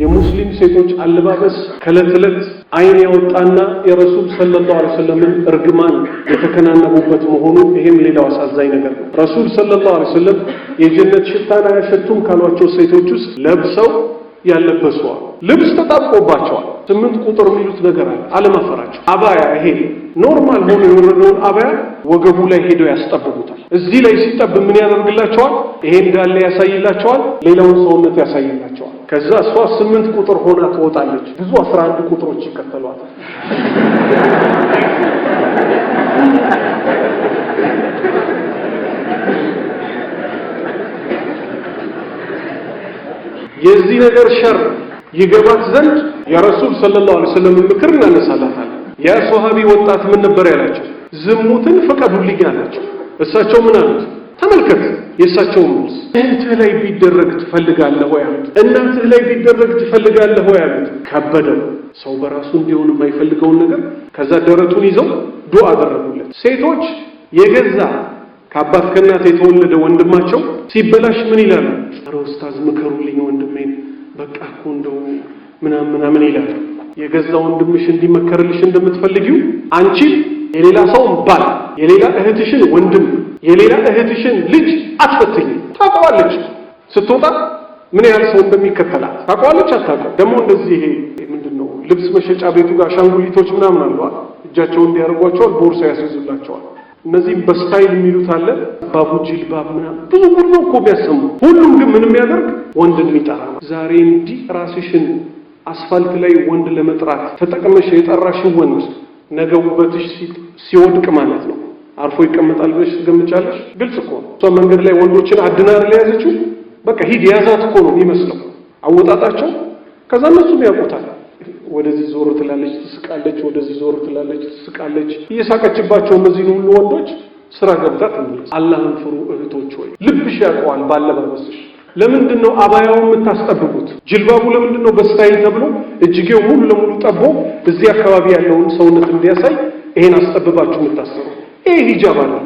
የሙስሊም ሴቶች አለባበስ ከእለት ዕለት አይን ያወጣና የረሱል ሰለላሁ ዐለይሂ ወሰለምን እርግማን የተከናነቡበት መሆኑ ይሄም ሌላው አሳዛኝ ነገር ነው። ረሱል ሰለላሁ ዐለይሂ ወሰለም የጀነት ሽታን አያሸቱም ካሏቸው ሴቶች ውስጥ ለብሰው ያለበሷል ልብስ ተጣብቆባቸዋል። ስምንት ቁጥር የሚሉት ነገር አለ። አለመፈራቸው አባያ ይሄ ኖርማል ሆኖ የወረደውን አባያ ወገቡ ላይ ሄደው ያስጠብቡታል። እዚህ ላይ ሲጠብ ምን ያደርግላቸዋል? ይሄ እንዳለ ያሳይላቸዋል። ሌላውን ሰውነት ያሳይላቸዋል። ከዛ እሷ ስምንት ቁጥር ሆና ትወጣለች። ብዙ አስራ አንድ ቁጥሮች ይከተሏታል። የዚህ ነገር ሸር ይገባት ዘንድ የረሱል ሰለላሁ ዐለይሂ ወሰለም ምክር እናነሳላታለን። ያ ሶሃቢ ወጣት ምን ነበር ያላቸው? ዝሙትን ፍቀዱልኝ አላቸው። እሳቸው ምን አሉት? ተመልከት የእሳቸው መልስ። እህትህ ላይ ቢደረግ ትፈልጋለህ ወይ አሉት። እናትህ ላይ ቢደረግ ትፈልጋለህ ወይ አሉት። ከበደ ሰው በራሱ እንዲሆን የማይፈልገውን ነገር ከዛ ደረቱን ይዘው ዱዓ አደረጉለት። ሴቶች የገዛ ከአባት ከእናት የተወለደ ወንድማቸው ሲበላሽ ምን ይላሉ? ኧረ ኡስታዝ ምከሩልኝ ወንድሜን በቃ እኮ እንደው ምናምን ምናምን ይላል። የገዛ ወንድምሽ እንዲመከርልሽ እንደምትፈልጊው አንቺ የሌላ ሰውን ባል፣ የሌላ እህትሽን ወንድም፣ የሌላ እህትሽን ልጅ አትፈትኝ። ታውቀዋለች። ስትወጣ ምን ያህል ሰው እንደሚከተላት ታውቀዋለች። አታውቀው ደግሞ እንደዚህ ይሄ ምንድን ነው ልብስ መሸጫ ቤቱ ጋር አሻንጉሊቶች ምናምን አለዋል። እጃቸውን እንዲያደርጓቸዋል፣ ቦርሳ ያስይዙላቸዋል። እነዚህም በስታይል የሚሉት አለ ባቡ ጅልባብ ምናምን ብዙ ሁሉ እኮ ቢያሰሙ ሁሉም ግን ምን የሚያደርግ ወንድ የሚጠራ ነው። ዛሬ እንዲህ ራስሽን አስፋልት ላይ ወንድ ለመጥራት ተጠቅመሽ የጠራሽው ወንድ ነገ ውበትሽ ሲወድቅ ማለት ነው አርፎ ይቀመጣል ብለሽ ትገምጫለሽ ግልጽ እኮ ነው። እሷ መንገድ ላይ ወንዶችን አድናር ለያዘችው በቃ ሂድ የያዛት እኮ ነው የሚመስለው አወጣጣቸው። ከዛ እነሱም ያውቁታል። ወደዚህ ዞር ትላለች፣ ትስቃለች፣ ወደዚህ ዞር ትላለች፣ ትስቃለች። እየሳቀችባቸው እነዚህን ሁሉ ወንዶች ስራ ገብታ ትመለስ። አላህን ፍሩ እህቶች ሆይ፣ ልብሽ ያውቀዋል ባለባበስሽ ለምንድን ነው አባያውን የምታስጠብቁት? ጅልባቡ ለምንድን ነው በስታይል ተብሎ እጅጌው ሙሉ ለሙሉ ጠቦ እዚህ አካባቢ ያለውን ሰውነት እንዲያሳይ ይሄን አስጠብባችሁ የምታሰሩ? ይሄ ሂጃብ አለ።